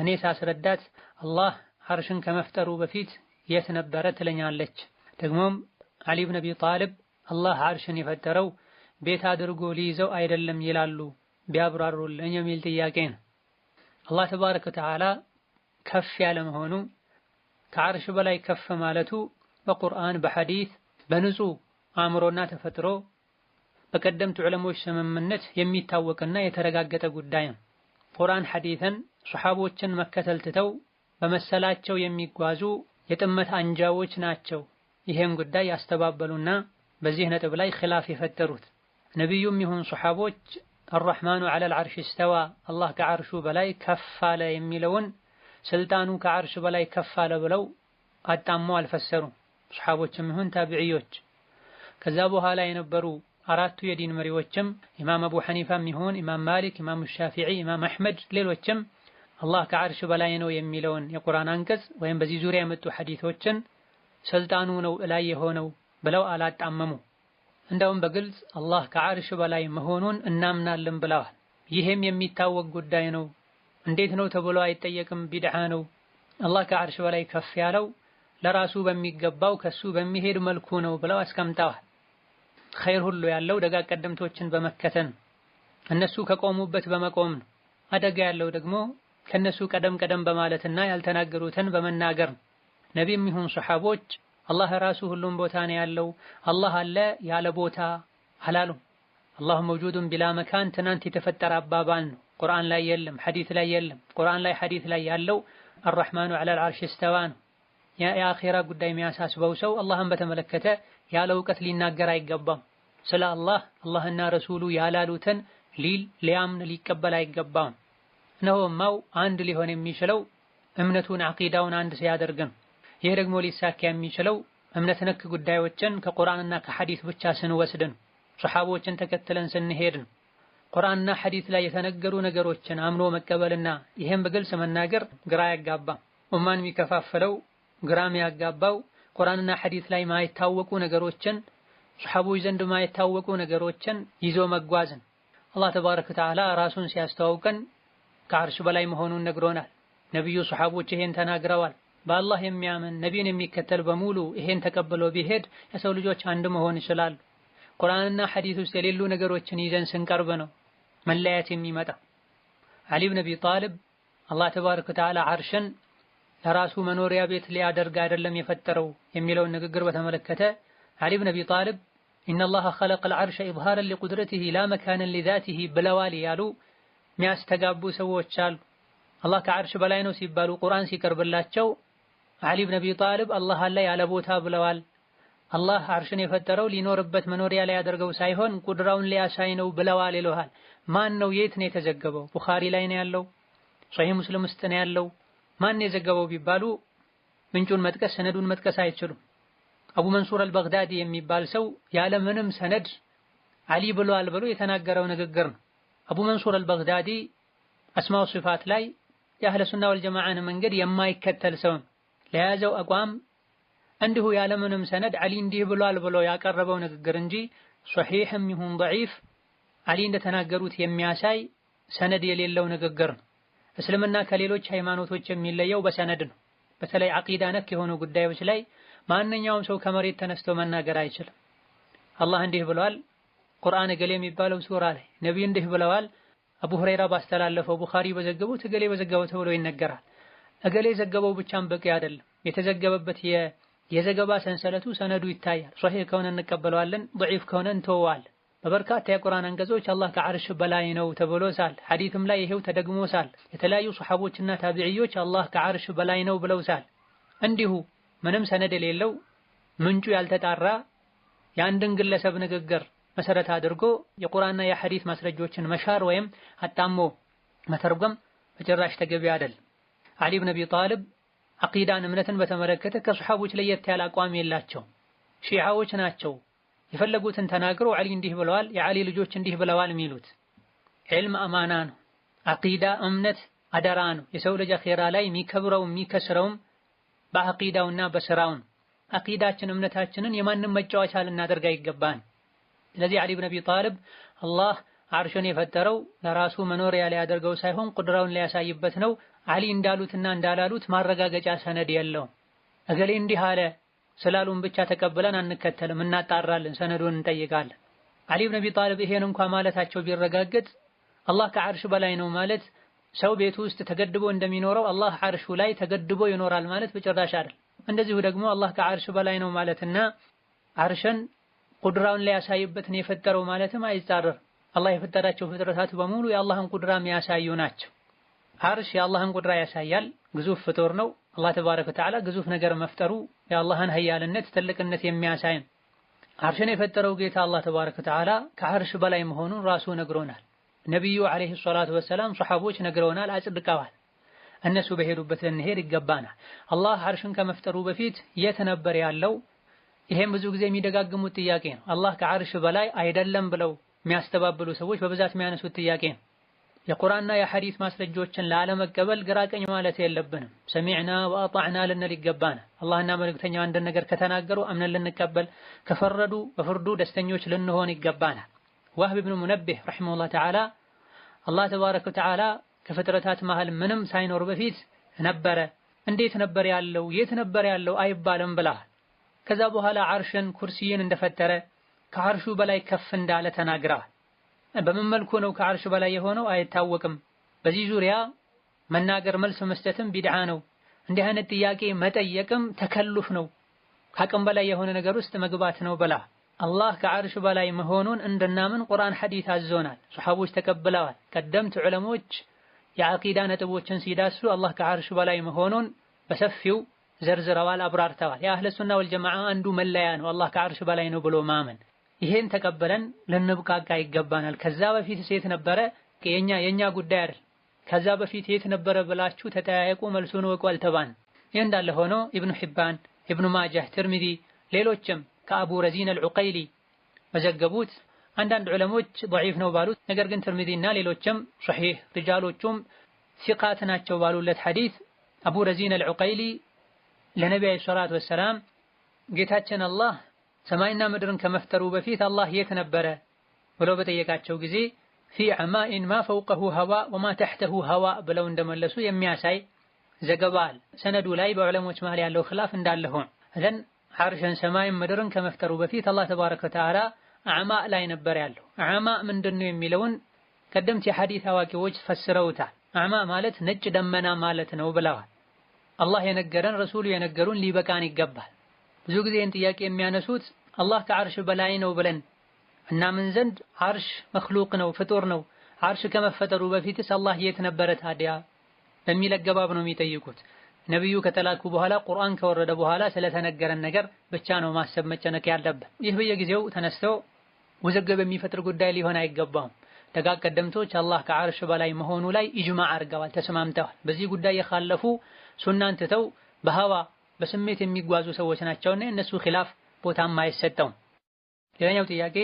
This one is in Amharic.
እኔ ሳስረዳት አላህ አርሽን ከመፍጠሩ በፊት የት ነበረ ትለኛለች። ደግሞም ዓሊ ብን አቢ ጣልብ አላህ አርሽን የፈጠረው ቤት አድርጎ ሊይዘው አይደለም ይላሉ ቢያብራሩልኝ የሚል ጥያቄ ነው። አላህ ተባረከ ወተዓላ ከፍ ያለ መሆኑ ከአርሽ በላይ ከፍ ማለቱ በቁርአን በሐዲት በንጹህ አእምሮና ተፈጥሮ በቀደምት ዑለሞች ስምምነት የሚታወቅና የተረጋገጠ ጉዳይ ነው። ቁርአን ሐዲትን ሱሐቦችን መከተል ትተው በመሰላቸው የሚጓዙ የጥመት አንጃዎች ናቸው ይሄን ጉዳይ ያስተባበሉና በዚህ ነጥብ ላይ ኺላፍ የፈጠሩት። ነቢዩም ይሁን ሱሐቦች አራሕማኑ ዐለል ዐርሽ እስተዋ አላህ ከዐርሹ በላይ ከፍ አለ የሚለውን ስልጣኑ ከዐርሽ በላይ ከፍ አለ ብለው አጣሞ አልፈሰሩ ሱሐቦችም ይሁን ታቢዕዮች ከዛ በኋላ የነበሩ አራቱ የዲን መሪዎችም ኢማም አቡ ሐኒፋ ይሁን ኢማም ማሊክ፣ ኢማም ሻፊዒ፣ ኢማም አሕመድ ሌሎችም አላህ ከዓርሽ በላይ ነው የሚለውን የቁርአን አንቀጽ ወይም በዚህ ዙሪያ የመጡ ሐዲቶችን ሰልጣኑ ነው እላይ የሆነው ብለው አላጣመሙ። እንደውም በግልጽ አላህ ከዓርሽ በላይ መሆኑን እናምናለን ብለዋል። ይህም የሚታወቅ ጉዳይ ነው። እንዴት ነው ተብሎ አይጠየቅም። ቢድዓ ነው። አላህ ከዓርሽ በላይ ከፍ ያለው ለራሱ በሚገባው ከሱ በሚሄድ መልኩ ነው ብለው አስቀምጠዋል። ኸይር ሁሉ ያለው ደጋ ቀደምቶችን በመከተን እነሱ ከቆሙበት በመቆም ነው። አደጋ ያለው ደግሞ ከነሱ ቀደም ቀደም በማለትና ያልተናገሩትን በመናገር ነቢይም ይሁን ሰሐቦች አላህ ራሱ ሁሉም ቦታ ነው ያለው። አላህ አለ ያለ ቦታ አላሉም። አላሁ መውጁዱን ቢላ መካን ትናንት የተፈጠረ አባባል ነው። ቁርአን ላይ የለም፣ ሐዲት ላይ የለም። ቁርአን ላይ ሐዲት ላይ ያለው አርረሕማኑ ዐለል ዐርሽ እስተዋ ነው። የአኼራ ጉዳይ የሚያሳስበው ሰው አላህን በተመለከተ ያለ እውቀት ሊናገር አይገባም። ስለ አላህ አላህና ረሱሉ ያላሉትን ሊል ሊያምን ሊቀበል አይገባም። እነሆማው አንድ ሊሆን የሚችለው እምነቱን አቂዳውን አንድ ሲያደርግ ይህ ደግሞ ሊሳካ የሚችለው እምነት ነክ ጉዳዮችን ከቁርአንና ከሐዲስ ብቻ ስንወስድን ነው። ሰሓቦችን ተከትለን ስንሄድን ነው። ቁርአንና ሐዲስ ላይ የተነገሩ ነገሮችን አምኖ መቀበልና ይህም በግልጽ መናገር ግራ ያጋባ ኡማን የሚከፋፈለው። ግራም ያጋባው ቁርአንና ሐዲስ ላይ ማይታወቁ ነገሮችን ሱሐቦች ዘንድ ማይታወቁ ነገሮችን ይዞ መጓዝን አላህ ተባረከ ወተዓላ ራሱን ሲያስተዋውቀን ከአርሽ በላይ መሆኑን ነግሮናል። ነቢዩ ሱሐቦች ይሄን ተናግረዋል። በአላህ የሚያምን ነቢይን የሚከተል በሙሉ ይሄን ተቀብሎ ቢሄድ የሰው ልጆች አንድ መሆን ይችላሉ። ቁርአንና ሐዲስ ውስጥ የሌሉ ነገሮችን ይዘን ስንቀርብ ነው መለያየት የሚመጣ። አሊ ብን አቢ ጣልብ አላህ ተባረከ ወተዓላ አርሽን ለራሱ መኖሪያ ቤት ሊያደርግ አይደለም የፈጠረው የሚለውን ንግግር በተመለከተ አሊ ብን አቢ ጣልብ ኢነላሀ ኸለቀል ዐርሸ ኢዝሃረን ሊቁድረቲሂ ላ መካነን ሊዛቲሂ ብለዋል ያሉ የሚያስተጋቡ ሰዎች አሉ። አላህ ከዐርሽ በላይ ነው ሲባሉ ቁርአን ሲቀርብላቸው አሊ ብን አቢ ጣልብ አላህ አለ ያለ ቦታ ብለዋል። አላህ ዐርሽን የፈጠረው ሊኖርበት መኖሪያ ሊያደርገው ሳይሆን ቁድራውን ሊያሳይ ነው ብለዋል ይለዋል። ማን ነው? የት ነው የተዘገበው? ቡኻሪ ላይ ነው ያለው? ሶሒህ ሙስሊም ውስጥ ነው ያለው? ማን የዘገበው ቢባሉ ምንጩን መጥቀስ ሰነዱን መጥቀስ አይችሉም። አቡ መንሱር አልበግዳዲ የሚባል ሰው ያለ ምንም ሰነድ አሊ ብሏል ብሎ የተናገረው ንግግር ነው። አቡ መንሱር አልበግዳዲ አስማው ሲፋት ላይ የአህለ ሱና ወልጀማዓን መንገድ የማይከተል ሰው ለያዘው አቋም እንዲሁ ያለ ምንም ሰነድ አሊ እንዲህ ብሏል ብሎ ያቀረበው ንግግር እንጂ ሶሒሕም ይሁን ደዒፍ አሊ እንደተናገሩት የሚያሳይ ሰነድ የሌለው ንግግር ነው። እስልምና ከሌሎች ሃይማኖቶች የሚለየው በሰነድ ነው። በተለይ አቂዳ ነክ የሆኑ ጉዳዮች ላይ ማንኛውም ሰው ከመሬት ተነስቶ መናገር አይችልም። አላህ እንዲህ ብለዋል ቁርአን እገሌ የሚባለው ሱራ ላይ ነቢይ እንዲህ ብለዋል፣ አቡ ሁረይራ ባስተላለፈው፣ ቡኻሪ በዘገቡት፣ እገሌ በዘገበው ተብሎ ይነገራል። እገሌ ዘገበው ብቻም በቂ አይደለም። የተዘገበበት የዘገባ ሰንሰለቱ ሰነዱ ይታያል። ሶሒህ ከሆነ እንቀበለዋለን፣ ደዒፍ ከሆነ እንተወዋለን። በበርካታ የቁርአን አንቀጾች አላህ ከዓርሽ በላይ ነው ተብሎሳል። ሐዲትም ላይ ይሄው ተደግሞሳል። የተለያዩ ሱሐቦችና ታቢዕዮች አላህ ከዓርሽ በላይ ነው ብለውሳል። እንዲሁ ምንም ሰነድ የሌለው ምንጩ ያልተጣራ የአንድን ግለሰብ ንግግር መሰረት አድርጎ የቁርአንና የሐዲት ማስረጃዎችን መሻር ወይም አጣሞ መተርጎም በጭራሽ ተገቢ አይደል። አሊ ብን አቢ ጣልብ አቂዳን እምነትን በተመለከተ ከሱሐቦች ለየት ያለ አቋም የላቸው ሺዓዎች ናቸው። የፈለጉትን ተናግሮ ዓሊ እንዲህ ብለዋል፣ የዓሊ ልጆች እንዲህ ብለዋል የሚሉት ዒልም አማና ነው። አቂዳ እምነት አደራ ነው። የሰው ልጅ አኼራ ላይ የሚከብረው የሚከስረውም በአቂዳውና በስራው ነው። አቂዳችን እምነታችንን የማንም መጫወቻ ልናደርግ አይገባን። ስለዚህ ዓሊ ብን አቢ ጣልብ አላህ አርሽን የፈጠረው ለራሱ መኖሪያ ሊያደርገው ሳይሆን ቁድራውን ሊያሳይበት ነው። ዓሊ እንዳሉትና እንዳላሉት ማረጋገጫ ሰነድ የለውም። እገሌ እንዲህ አለ ስላሉን ብቻ ተቀብለን አንከተልም፣ እናጣራለን፣ ሰነዱን እንጠይቃለን። አሊ ብን አቢ ጣልብ ይሄን እንኳ ማለታቸው ቢረጋገጥ አላህ ከዓርሽ በላይ ነው ማለት ሰው ቤቱ ውስጥ ተገድቦ እንደሚኖረው አላህ ዓርሹ ላይ ተገድቦ ይኖራል ማለት በጭራሽ አይደል። እንደዚሁ ደግሞ አላህ ከዓርሽ በላይ ነው ማለትና ዓርሽን ቁድራውን ሊያሳይበት ነው የፈጠረው ማለትም አይጻረርም። አላህ የፈጠራቸው ፍጥረታት በሙሉ የአላህን ቁድራ የሚያሳዩ ናቸው። ዓርሽ የአላህን ቁድራ ያሳያል፣ ግዙፍ ፍጡር ነው። አላህ ተባረከ ወተዓላ ግዙፍ ነገር መፍጠሩ የአላህን ሀያልነት ትልቅነት የሚያሳይ ነው። አርሽን የፈጠረው ጌታ አላህ ተባረከ ወተዓላ ከአርሽ በላይ መሆኑን ራሱ ነግሮናል። ነቢዩ ዓለይሂ ሰላቱ ወሰላም ሰሐቦች ነግረውናል፣ አጽድቀዋል። እነሱ በሄዱበት ልንሄድ ይገባናል። አላህ አርሽን ከመፍጠሩ በፊት የት ነበር ያለው? ይሄም ብዙ ጊዜ የሚደጋግሙት ጥያቄ ነው። አላህ ከአርሽ በላይ አይደለም ብለው የሚያስተባብሉ ሰዎች በብዛት የሚያነሱት ጥያቄ ነው። የቁርአንና የሐዲስ ማስረጃዎችን ላለመቀበል ግራቀኝ ማለት የለብንም። ሰሚዕና ወአጣዕና ልንል ይገባናል። አላህና መልእክተኛው አንድ ነገር ከተናገሩ አምነን ልንቀበል፣ ከፈረዱ በፍርዱ ደስተኞች ልንሆን ይገባናል። ዋህብ ብኑ ሙነቢህ ረሒመሁላህ ተዓላ አላህ ተባረከ ወተዓላ ከፍጥረታት መሃል ምንም ሳይኖር በፊት ነበረ፣ እንዴት ነበር ያለው፣ የት ነበር ያለው አይባልም ብለሃል። ከዛ በኋላ አርሽን ኩርሲይን እንደፈጠረ ከአርሹ በላይ ከፍ እንዳለ ተናግረሃል። በምን መልኩ ነው ከአርሽ በላይ የሆነው አይታወቅም። በዚህ ዙሪያ መናገር መልስ መስጠትም ቢድዓ ነው። እንዲህ አይነት ጥያቄ መጠየቅም ተከሉፍ ነው። ከአቅም በላይ የሆነ ነገር ውስጥ መግባት ነው። በላ አላህ ከአርሽ በላይ መሆኑን እንድናምን ቁርአን ሐዲስ አዞናል። ሱሐቦች ተቀብለዋል። ቀደምት ዑለሞች የአቂዳ ነጥቦችን ሲዳሱ አላህ ከአርሽ በላይ መሆኑን በሰፊው ዘርዝረዋል፣ አብራርተዋል። የአህለ ሱና ወልጀማዓ አንዱ መለያ ነው አላህ ከአርሽ በላይ ነው ብሎ ማመን ይሄን ተቀበለን ልንብቃቃ ይገባናል። ከዛ በፊት ሴት ነበረ የኛ የኛ ጉዳይ አይደል፣ ከዛ በፊት የት ነበረ ብላችሁ ተጠያየቁ፣ መልሱን ወቁ አልተባን። ይህ እንዳለ ሆኖ ኢብኑ ሒባን፣ ኢብኑ ማጃህ፣ ትርሚዚ፣ ሌሎችም ከአቡ ረዚን አልዑቀይሊ በዘገቡት አንዳንድ ዑለሞች ደዒፍ ነው ባሉት፣ ነገር ግን ትርሚዚና ሌሎችም ሶሒህ ሪጃሎቹም ሲቃት ናቸው ባሉለት ሐዲስ አቡ ረዚን አልዑቀይሊ ለነቢ ዓለይሂ ሰላቱ ወሰላም ጌታችን አላህ ሰማይና ምድርን ከመፍጠሩ በፊት አላህ የት ነበረ ብለው በጠየቃቸው ጊዜ ፊ አማኢን ማ ፈውቀሁ ሀዋ ወማ ተሕተሁ ሀዋ ብለው እንደመለሱ የሚያሳይ ዘገባ አለ። ሰነዱ ላይ በዑለሞች መሃል ያለው ኽላፍ እንዳለ ሆኖ እዘን ሐርሸን ሰማይን ምድርን ከመፍጠሩ በፊት አላህ ተባረከ ወተዓላ አዕማ ላይ ነበር ያለው። አዕማ ምንድን ነው የሚለውን ቀደምት የሐዲስ አዋቂዎች ፈስረውታል። አዕማ ማለት ነጭ ደመና ማለት ነው ብለዋል። አላህ የነገረን ረሱሉ የነገሩን ሊበቃን ይገባል። ብዙ ጊዜ ይህን ጥያቄ የሚያነሱት አላህ ከአርሽ በላይ ነው ብለን እና ምን ዘንድ አርሽ መክሉቅ ነው ፍጡር ነው። አርሽ ከመፈጠሩ በፊትስ አላህ የት ነበረ ታዲያ በሚል አገባብ ነው የሚጠይቁት። ነቢዩ ከተላኩ በኋላ ቁርአን ከወረደ በኋላ ስለተነገረን ነገር ብቻ ነው ማሰብ መጨነቅ ያለብን። ይህ በየጊዜው ተነስተው ውዝግብ የሚፈጥር ጉዳይ ሊሆን አይገባውም። ደጋግ ቀደምቶች አላህ ከአርሽ በላይ መሆኑ ላይ ኢጅማዕ አድርገዋል፣ ተስማምተዋል። በዚህ ጉዳይ የኻለፉ ሱናን ትተው በሀዋ በስሜት የሚጓዙ ሰዎች ናቸውና እነሱ ኺላፍ ቦታም አይሰጠውም። ሌላኛው ጥያቄ